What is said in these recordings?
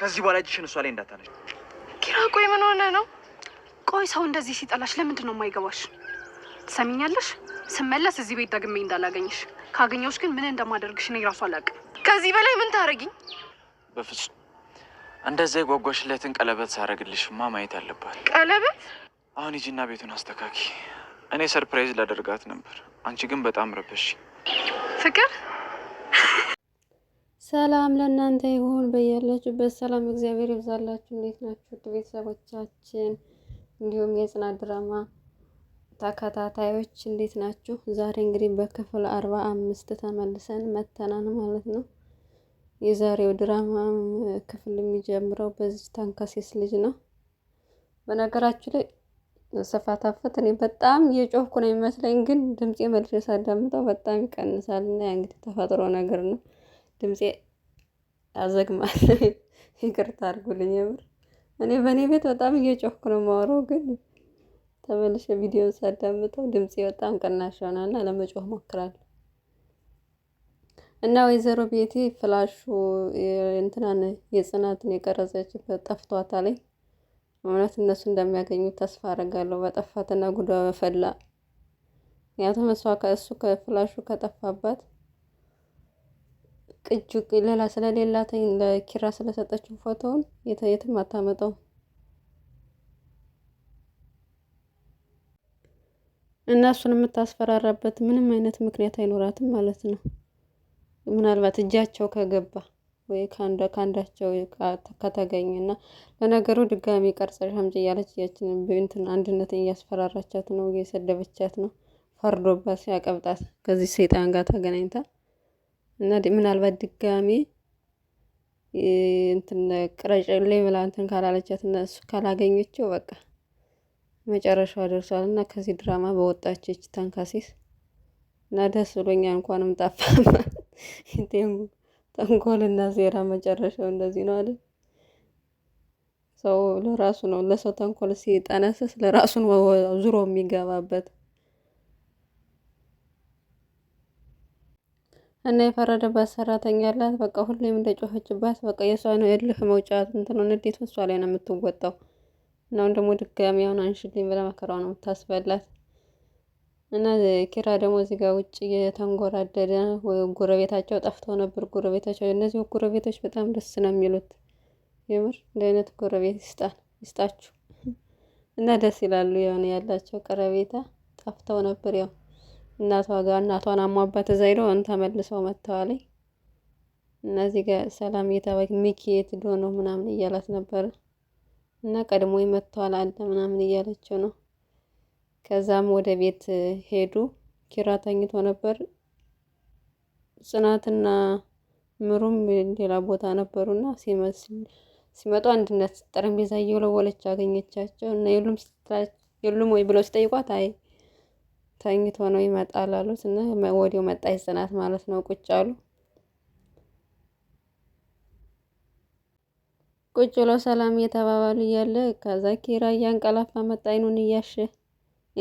ከዚህ በኋላ እጅሽን እሷ ላይ እንዳታነሽ። ኪራ፣ ቆይ ምን ሆነ ነው? ቆይ ሰው እንደዚህ ሲጠላሽ ለምንድን ነው የማይገባሽ? ትሰሚኛለሽ? ስመለስ እዚህ ቤት ደግሜ እንዳላገኝሽ፣ ካገኘሁሽ ግን ምን እንደማደርግሽ እኔ ራሱ አላውቅም። ከዚህ በላይ ምን ታደርጊኝ? በፍጹም እንደዛ የጓጓሽለትን ቀለበት ማ ማየት አለባት። ቀለበት? አሁን ሂጂና ቤቱን አስተካኪ። እኔ ሰርፕራይዝ ላደርጋት ነበር፣ አንቺ ግን በጣም ረበሽ ፍቅር ሰላም ለእናንተ ይሁን በያላችሁበት ሰላም እግዚአብሔር ይብዛላችሁ። እንዴት ናችሁ ቤተሰቦቻችን፣ እንዲሁም የጽናት ድራማ ተከታታዮች እንዴት ናችሁ? ዛሬ እንግዲህ በክፍል አርባ አምስት ተመልሰን መተናን ማለት ነው። የዛሬው ድራማ ክፍል የሚጀምረው በዚህ ታንካሴስ ልጅ ነው። በነገራችሁ ላይ ስፋታፈት እኔ በጣም የጮህኩ ነው የሚመስለኝ፣ ግን ድምፄ መልሼ ሳዳምጠው በጣም ይቀንሳል እና ያ እንግዲህ ተፈጥሮ ነገር ነው። ድምፄ አዘግማል። ይቅርታ አድርጉልኝ። የምር እኔ በእኔ ቤት በጣም እየጮህኩ ነው የማወራው፣ ግን ተመልሼ ቪዲዮን ሳዳምጠው ድምፄ በጣም ቅናሽ ይሆናል ለመጮህ እሞክራለሁ። እና ወይዘሮ ቤቴ ፍላሹ እንትናን የጽናትን የቀረጸችበት ላይ እውነት እነሱ እንደሚያገኙት ተስፋ አደርጋለሁ። በጠፋትና ጉዳ በፈላ ምክንያቱም እሷ ከእሱ ከፍላሹ ከጠፋባት ቅጁ ሌላ ስለሌላት ለኪራ ስለሰጠችው ፎቶውን የትም አታመጣውም። እናሱን የምታስፈራራበት ምንም አይነት ምክንያት አይኖራትም ማለት ነው። ምናልባት እጃቸው ከገባ ወይ ከአንዳቸው ከተገኘ እና ለነገሩ ድጋሚ ቀርጸ ሻምጭ እያለች ያችን እንትን አንድነትን እያስፈራራቻት ነው፣ እየሰደበቻት ነው። ፈርዶባት ሲያቀብጣት ከዚህ ሰይጣን ጋር ተገናኝታ እና ምናልባት ድጋሜ እንትን ላይ ብላ እንትን ካላለቻት እና እሱ ካላገኘችው በቃ መጨረሻዋ ደርሷል እና ከዚህ ድራማ በወጣችች ተንካሲስ እና ደስ ብሎኛ። እንኳንም ጠፋ ተንኮልና ሴራ መጨረሻው እንደዚህ ነው አይደል? ሰው ለራሱ ነው ለሰው ተንኮል ሲጠነስስ ለራሱን ዙሮ የሚገባበት እና የፈረደባት ሰራተኛ አላት። በቃ ሁሌም እንደጮኸችባት በቃ የእሷ ነው የልህ መውጫት እንትነው ንዴት እሷ ላይ ነው የምትወጣው። እናሁን ደግሞ ድጋሚ አሁን አንሽልኝ ብላ መከራ ነው የምታስበላት። እና ኪራ ደግሞ እዚህ ጋር ውጭ የተንጎራደደ ጎረቤታቸው ጠፍተው ነበር። ጎረቤታቸው እነዚህ ጎረቤቶች በጣም ደስ ነው የሚሉት። የምር እንደ አይነት ጎረቤት ይስጣል ይስጣችሁ። እና ደስ ይላሉ የሆነ ያላቸው ቀረቤታ ጠፍተው ነበር ያው እናቷ ጋር እናቷን አሟባት እዛ ሄደው ተመልሰው መጥተዋል። እነዚህ ጋር ሰላም እየተባለ ሚኪ የት ነው ምናምን እያላት ነበር እና ቀድሞ መጥተዋል አለ ምናምን እያለችው ነው። ከዛም ወደ ቤት ሄዱ። ኪራ ተኝቶ ነበር። ጽናትና ምሩም ሌላ ቦታ ነበሩና ሲመጡ አንድነት ጠረጴዛ እየወለወለች አገኘቻቸው እና የሉም ወይ ብለው ሲጠይቋት አይ ተኝቶ ነው ይመጣል አሉት እና ወዲያው መጣ ጽናት ማለት ነው። ቁጭ አሉ። ቁጭ ብለው ሰላም እየተባባሉ እያለ ከዛ ኪራ እያንቀላፋ መጣ። አይኑን እያሸ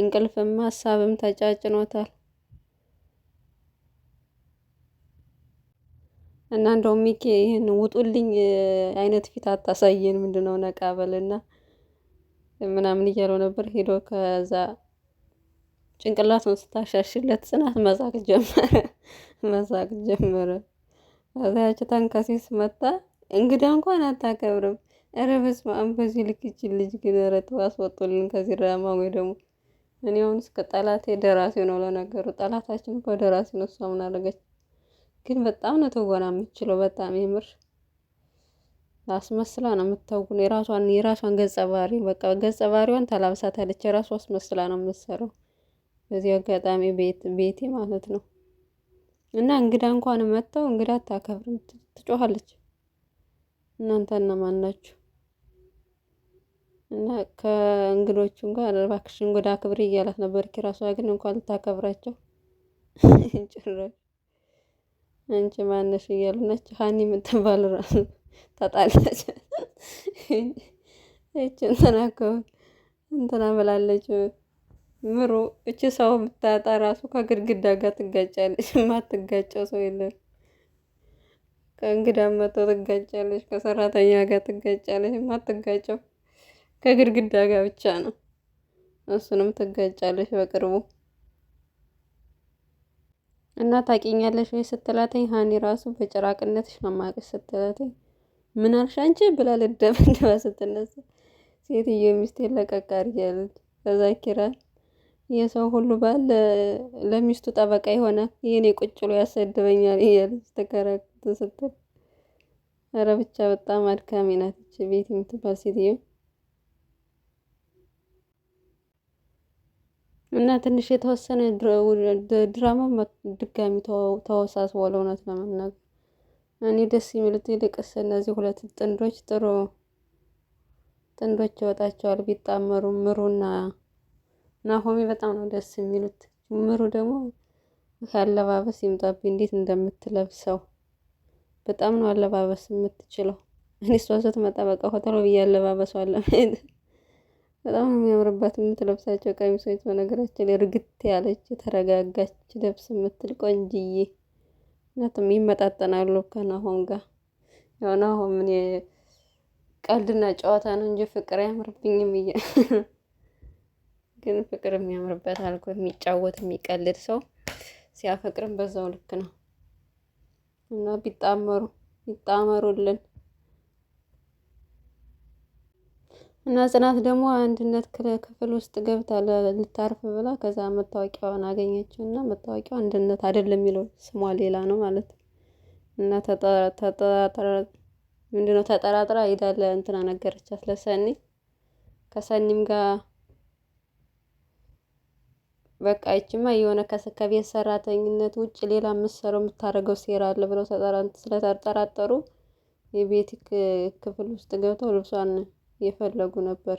እንቅልፍም ሀሳብም ተጫጭኖታል እና እንደውም ሚኪ ይህን ውጡልኝ አይነት ፊት አታሳየን ምንድነው ነቃበልና ምናምን እያለው ነበር ሄዶ ከዛ ጭንቅላቱን ስታሻሽለት ጽናት መሳቅ ጀመረ መሳቅ ጀመረ። እዛች ታንካሴስ መጣ እንግዳ እንኳን አታከብርም። ኧረ በስመ አብ! በዚህ ልክ ይችል ልጅ ግን ረጥ አስወጡልን ከዚህ ድራማ። ወይ ደግሞ እኔ አሁን እስከ ጠላቴ ደራሲ ነው። ለነገሩ ጠላታችን እኮ ደራሲ ነው። እሷ ምን አደረገች ግን? በጣም ነው ትወና የምችለው በጣም የምር አስመስላ ነው የምታውቁ። የራሷን የራሷን ገጸ ባህሪ በቃ ገጸ ባህሪዋን ተላብሳታለች። የራሷ አስመስላ ነው የምትሰራው። በዚህ አጋጣሚ ቤቴ ማለት ነው እና እንግዳ እንኳን መጥተው እንግዳ አታከብርም፣ ትጮሃለች እናንተ እነማን ናችሁ? እና ከእንግዶቹም ጋር እባክሽ እንግዳ ክብሪ እያላት ነበር። ኪራሷ ግን እንኳን ልታከብራቸው ጭራሽ አንቺ ማነሽ እያሉ ነች። ሀኒ የምትባል ራሱ ታጣለች። ይች እንትና እኮ እንትና ብላለች ምሩ እቺ ሰው ብታጣ ራሱ ከግድግዳ ጋር ትጋጫለች። ማትጋጨው ሰው የለም። ከእንግዳ መቶ ትጋጫለች፣ ከሰራተኛ ጋር ትጋጫለች። ማትጋጨው ከግድግዳ ጋር ብቻ ነው። እሱንም ትጋጫለች በቅርቡ እና ታቂኛለሽ ወይ ስትላተኝ ሀኒ ራሱ በጭራቅነት ነው ስትላተኝ ምን አልሽ አንቺ ብላ ልደበደባ ስትነሳ ሴትዮ ሚስቴ ለቀቃር እያለች ከዛ ኪራል የሰው ሁሉ ባል ለሚስቱ ጠበቃ የሆነ ይህኔ ቁጭሎ ያሰድበኛል እያለች ተከራክት ስትል፣ ኧረ ብቻ በጣም አድካሚ ናት ይች ቤት የምትባል ሴትዮ። እና ትንሽ የተወሰነ ድራማ ድጋሚ ተወሳስቦ እውነት ለመናገር እኔ ደስ የሚሉት ይልቅስ እነዚህ ሁለት ጥንዶች ጥሩ ጥንዶች ይወጣቸዋል ቢጣመሩ ምሩና ናሆሚ በጣም ነው ደስ የሚሉት። ምሩ ደግሞ ከአለባበስ ይምጣብኝ እንዴት እንደምትለብሰው በጣም ነው አለባበስ የምትችለው። እኔ እሷ ስትመጣ በቃ ሆቴሎ ብዬ አለባበሷ አለ በጣም ነው የሚያምርባት የምትለብሳቸው ቀሚሶች። በነገራችን ላይ እርግት ያለች የተረጋጋች ልብስ የምትል ቆንጅዬ እናትም ይመጣጠናሉ ከናሆም ጋር። ያው ናሆም ቀልድና ጨዋታ ነው እንጂ ፍቅር አያምርብኝም እያ ግን ፍቅር የሚያምርበት አልኮ የሚጫወት የሚቀልድ ሰው ሲያፈቅርም በዛው ልክ ነው እና ቢጣመሩ ይጣመሩልን እና ጽናት ደግሞ አንድነት ክፍል ውስጥ ገብታ ልታርፍ ብላ ከዛ መታወቂያውን አገኘችው እና መታወቂያው አንድነት አይደለም የሚለው ስሟ ሌላ ነው ማለት እና ተጠራጥራ ምንድነው ተጠራጥራ ሄዳለ እንትና ነገረቻት ለሰኒ ከሰኒም ጋር በቃ ይችማ የሆነ ከቤት ሰራተኝነት ውጭ ሌላ የምትሰራው የምታደርገው ሴራ አለ ብለው ስለተጠራጠሩ የቤት ክፍል ውስጥ ገብተው ልብሷን የፈለጉ ነበር።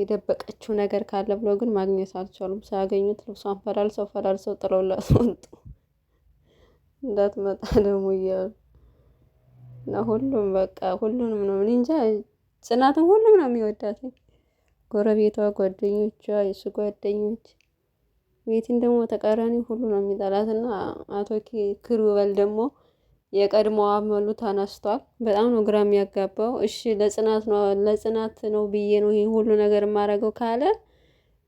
የደበቀችው ነገር ካለ ብለው ግን ማግኘት አልቻሉም። ሳያገኙት ልብሷን ፈላልሰው ፈላልሰው ጥለውላት ወጡ። እንዳትመጣ ደግሞ እያሉ እና ሁሉም በቃ ሁሉንም ነው እንጃ ጽናትን ሁሉም ነው የሚወዳት። ጎረቤቷ፣ ጓደኞቿ፣ የእሱ ጓደኞች ቤቲን ደግሞ ተቃራኒ ሁሉ ነው የሚጠላት እና አቶ ኪሩቤል ደግሞ የቀድሞዋ መሉ ተነስቷል። በጣም ነው ግራ የሚያጋባው። እሺ ለጽናት ነው ለጽናት ነው ብዬ ነው ይህ ሁሉ ነገር የማደርገው ካለ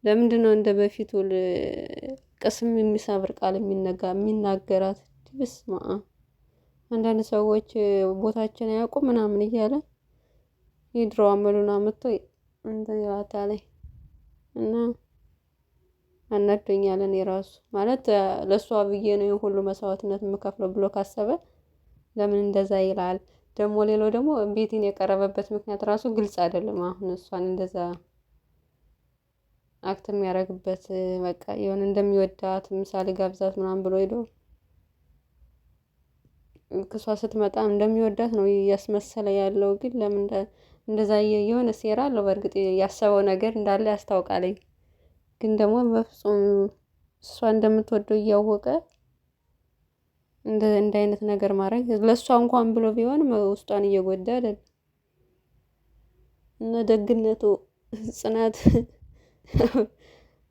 ለምንድን ነው እንደ በፊቱ ቅስም የሚሰብር ቃል የሚናገራት? ብስማ አንዳንድ ሰዎች ቦታችን አያውቁ ምናምን እያለ የድሮዋ አመሉን አምጥቶ እንትን ይላታለኝ እና አናዶኛል። እኔ ራሱ ማለት ለእሷ ብዬ ነው ሁሉ መስዋዕትነት የምከፍለው ብሎ ካሰበ ለምን እንደዛ ይላል? ደግሞ ሌላው ደግሞ ቤቴን የቀረበበት ምክንያት ራሱ ግልጽ አይደለም። አሁን እሷን እንደዛ አክት የሚያደርግበት በቃ የሆነ እንደሚወዳት ምሳሌ ጋብዛት ምናምን ብሎ ሄዶ ክሷ ስትመጣ እንደሚወዳት ነው እያስመሰለ ያለው ግን ለምን እንደዛ የሆነ ሴራ አለው። በእርግጥ ያሰበው ነገር እንዳለ ያስታውቃለኝ። ግን ደግሞ በፍጹም እሷ እንደምትወደው እያወቀ እንደ አይነት ነገር ማድረግ ለእሷ እንኳን ብሎ ቢሆን ውስጧን እየጎዳ አይደለም። እና ደግነቱ ጽናት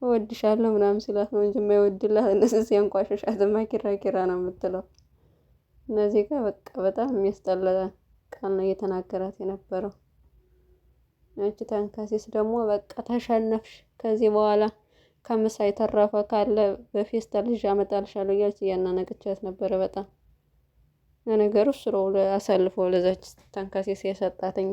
እወድሻለሁ ምናምን ሲላት ነው እንጂ የማይወድላት እነሱ ሲያንቋሸሻት ማኪራ ኪራ ነው የምትለው። እነዚህ ጋር በቃ በጣም የሚያስጠላ ቃል ነው እየተናገራት የነበረው። አንቺ ተንከሲስ ደግሞ በቃ ተሸነፍሽ። ከዚህ በኋላ ከምሳ የተረፈ ካለ በፌስታል ልጅ አመጣልሻለሁ እያለች እያናነቀቻት ነበረ በጣም ለነገሩ ስሮ አሳልፎ ለዛች ተንከሲስ የሰጣትኝ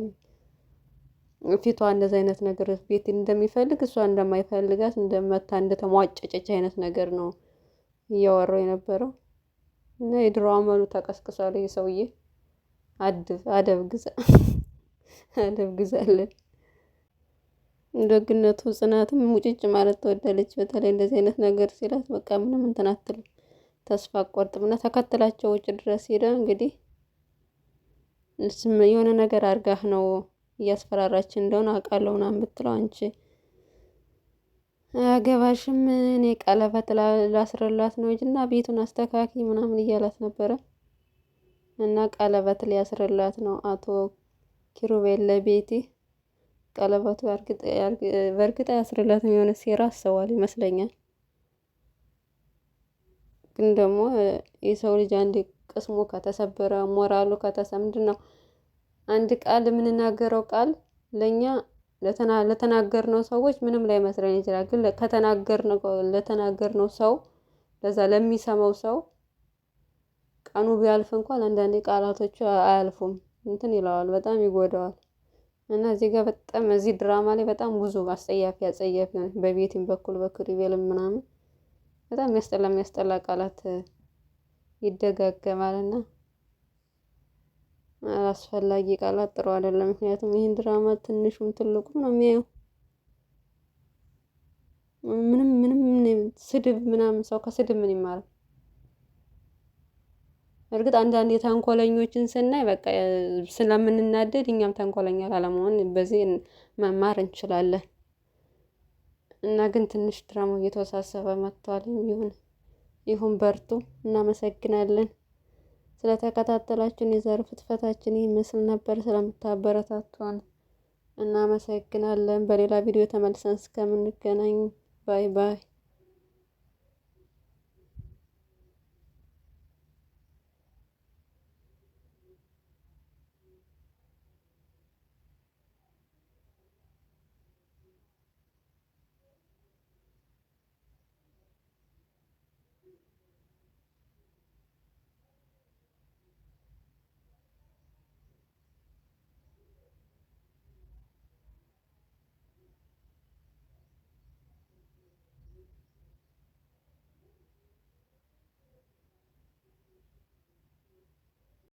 ፊቷ እንደዚ አይነት ነገር ቤት እንደሚፈልግ እሷ እንደማይፈልጋት እንደመታ እንደተሟጨጨች አይነት ነገር ነው እያወራው የነበረው እና የድሮ አመሉ ተቀስቅሷል። ይህ ሰውዬ አደብ ግዛ አደብ ግዛለን። ደግነቱ ጽናትም ሙጭጭ ማለት ትወዳለች። በተለይ እንደዚህ አይነት ነገር ሲላት በቃ ምንም እንትን አትልም፣ ተስፋ አቆርጥምና ተከትላቸው ውጭ ድረስ ሄደ። እንግዲህ የሆነ ነገር አድርጋህ ነው እያስፈራራች እንደሆነ አውቃለሁ ምናምን ብትለው አንቺ አገባሽም እኔ ቀለበት ላስረላት ነው እና ቤቱን አስተካኪ ምናምን እያላት ነበረ። እና ቀለበት ሊያስረላት ነው አቶ ኪሩቤል ለቤቴ ቀለበቱ በእርግጥ ያስርላትም የሆነ ሴራ አስተዋል ይመስለኛል። ግን ደግሞ የሰው ልጅ አንድ ቅስሙ ከተሰበረ ሞራሉ ከተሰ ምንድን ነው አንድ ቃል የምንናገረው ቃል ለእኛ ለተናገርነው ሰዎች ምንም ላይ መስለን ይችላል። ግን ለተናገርነው ሰው ለዛ ለሚሰማው ሰው ቀኑ ቢያልፍ እንኳን አንዳንዴ ቃላቶቹ አያልፉም እንትን ይለዋል፣ በጣም ይጎዳዋል። እና እዚህ ጋር በጣም እዚህ ድራማ ላይ በጣም ብዙ አስጸያፊ አጸያፊ ነው። በቤቲም በኩል በክሪቤልም ምናምን በጣም የሚያስጠላ የሚያስጠላ ቃላት ይደጋገማልና አስፈላጊ ቃላት ጥሩ አይደለም። ምክንያቱም ይህን ድራማ ትንሹም ትልቁም ነው የሚያየው። ምንም ምንም ስድብ ምናምን ሰው ከስድብ ምን ይማራል? እርግጥ አንዳንድ የተንኮለኞችን ስናይ በቃ ስለምንናደድ እኛም ተንኮለኛ ላለመሆን በዚህ መማር እንችላለን። እና ግን ትንሽ ድራማ እየተወሳሰበ መጥቷል። ይሁን ይሁን፣ በርቱ። እናመሰግናለን ስለተከታተላችሁን። የዛሬው ፍትፈታችን ይህ ምስል ነበር። ስለምታበረታቷን እናመሰግናለን። በሌላ ቪዲዮ ተመልሰን እስከምንገናኝ ባይ ባይ።